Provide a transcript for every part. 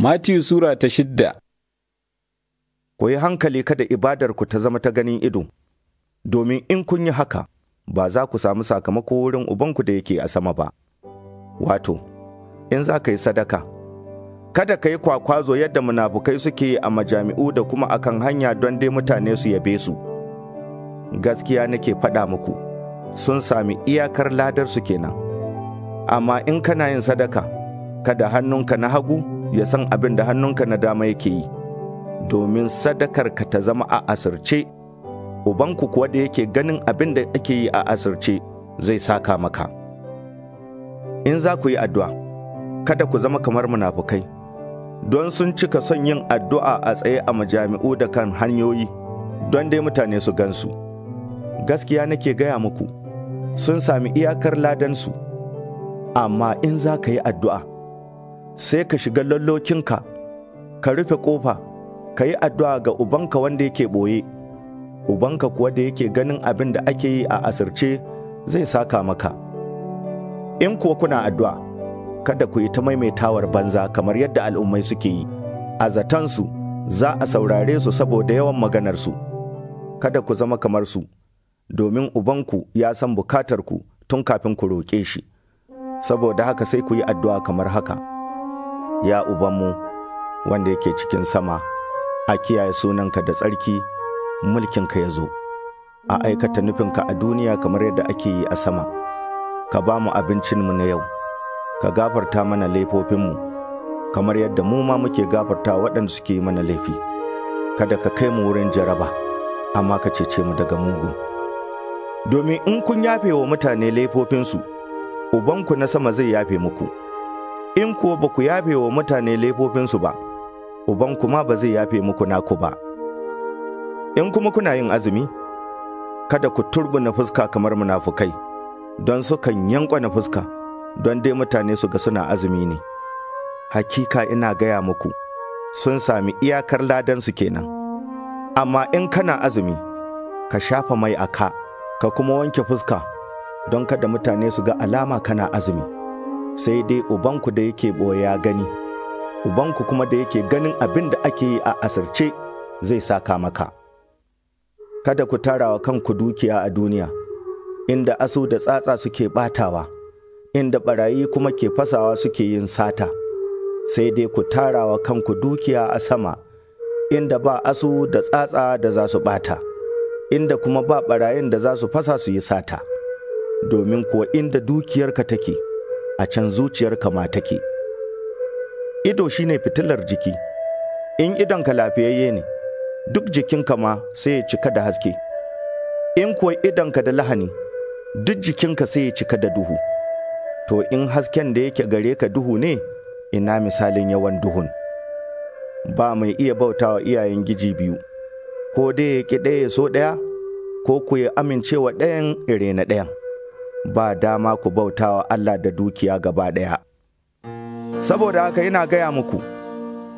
Matiyu Sura ta shidda Ku yi hankali kada ibadarku ta zama ta ganin ido, domin in kun yi haka ba za ku samu sakamako wurin Ubanku da yake a sama ba. Wato, in za ka yi sadaka, kada ka yi kwakwazo yadda munafukai suke a majami'u da kuma akan hanya don dai mutane su yabe su. Gaskiya nake faɗa muku, sun sami iyakar ladarsu kenan. Amma in kana yin sadaka, kada hannunka na hagu. ya san abin da hannunka na dama yake yi, domin sadakar ka ta zama a asirce, Ubanku kuwa da yake ganin abin da ake yi a asirce zai saka maka. In za ku yi addu'a, kada ku zama kamar munafukai, don sun cika son yin addu'a a tsaye a majami'u da kan hanyoyi, don dai mutane su gansu. Gaskiya nake gaya muku, sun sami iyakar ladansu, amma in za ka yi addu'a. sai ka shiga lallokinka, ka rufe ƙofa, ka yi addu'a ga ubanka wanda yake ɓoye, ubanka kuwa da yake ganin abin da ake yi a asirce zai saka maka. In kuwa kuna addu'a, kada ku yi ta maimaitawar banza kamar yadda al'ummai suke yi, a zatansu za a saurare su saboda yawan maganarsu. Kada ku zama kamar su, domin ubanku ya san bukatarku tun kafin ku roƙe shi, saboda haka sai ku yi addu'a kamar haka. ya ubanmu wanda yake cikin sama a kiyaye sunanka da tsarki mulkinka ya zo a aikata nufinka a duniya kamar yadda ake yi a sama ka ba mu abincinmu na yau ka gafarta mana laifofinmu kamar yadda mu ma muke gafarta waɗanda suke yi mana laifi kada ka kai mu wurin jaraba amma ka cece mu daga mugu domin in kun yafe wa mutane laifofinsu ubanku na sama zai yafe muku. in kuwa ba ku yafe wa mutane laifofinsu ba, Uban kuma ba zai yafe muku naku ba. In kuma kuna yin azumi, kada ku turbu na fuska kamar munafukai, don sukan na fuska, don dai mutane su ga suna azumi ne. Hakika ina gaya muku, sun sami iyakar ladansu kenan. Amma in kana azumi, ka shafa mai aka ka, ka kuma wanke fuska, don kada mutane su ga alama kana azumi. sai dai ubanku da yake ɓoye ya gani ubanku kuma da yake ganin abin da ake yi a asirce zai saka maka kada ku tarawa kanku dukiya a duniya inda asu da tsatsa suke batawa inda barayi kuma ke fasawa suke yin sata sai dai ku tarawa kanku dukiya a sama inda ba asu da tsatsa da za su bata inda kuma ba barayin da za su fasa su yi sata domin kuwa inda dukiyarka take a can zuciyar kama take. Ido shine fitilar jiki, in idonka lafiyayye ne, duk jikinka ma sai ya cika da haske, in kuwa idonka da lahani, duk jikinka sai ya cika da duhu. To in hasken da yake gare ka duhu ne, ina misalin yawan duhun. Ba mai iya bautawa iyayen giji biyu, ko dai ya ƙi ɗaya so ɗaya, ko ku ya amincewa ɗayan ire na ɗayan. ba dama ku bautawa Allah da dukiya gaba ɗaya. Saboda haka ina gaya muku,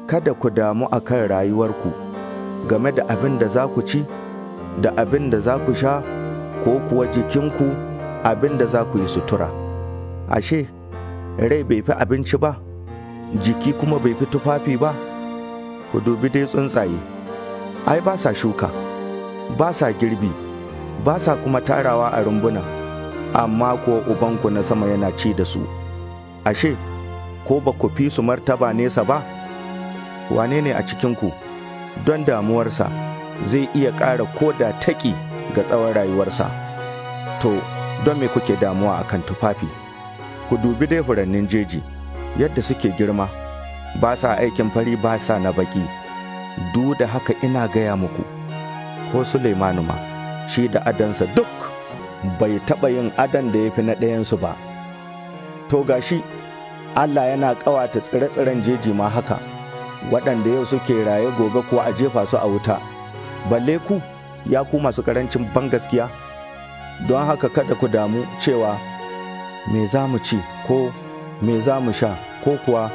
kada ku damu a kan rayuwarku game da abin da za ku ci, da abin da za ku sha, ko kuwa jikinku abin da za ku yi sutura. Ashe, rai bai fi abinci ba, jiki kuma bai fi tufafi ba, ku dubi dai tsuntsaye, ai ba sa shuka, ba sa girbi, ba sa kuma tarawa a rumbuna. amma ko ubanku na sama yana ci da su ashe ko ba ku fi su martaba nesa ba wane ne a cikinku don damuwarsa zai iya ƙara da taƙi ga tsawon rayuwarsa to don me kuke damuwa a kan tufafi ku dubi dai furannin jeji yadda suke girma ba sa aikin fari ba sa na baki duk da haka ina gaya muku ko Suleimanu ma shi da adansa duk bai taɓa yin adon da ya fi na ɗayansu ba to gashi allah yana ƙawata tsire-tsiren jeji ma haka waɗanda yau suke raye gobe kuwa a jefa su a wuta balle ku ya ku masu ƙarancin ban gaskiya don haka kada ku damu cewa me za mu ci ko me za mu sha ko kuwa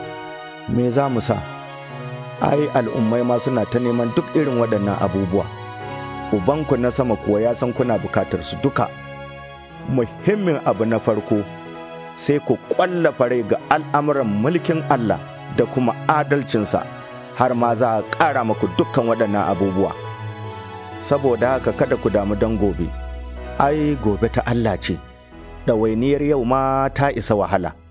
me za mu sa ai al'ummai ma suna ta neman duk irin waɗannan abubuwa ubanku na sama kuwa ya san kuna bukatar su duka muhimmin abu na farko sai ku ƙwallafa rai ga al'amuran mulkin Allah da kuma adalcinsa har ma za a ƙara maku dukkan waɗannan abubuwa. Saboda haka kada ku damu don gobe, ai gobe ta Allah ce, ɗawainiyar yau ma ta isa wahala.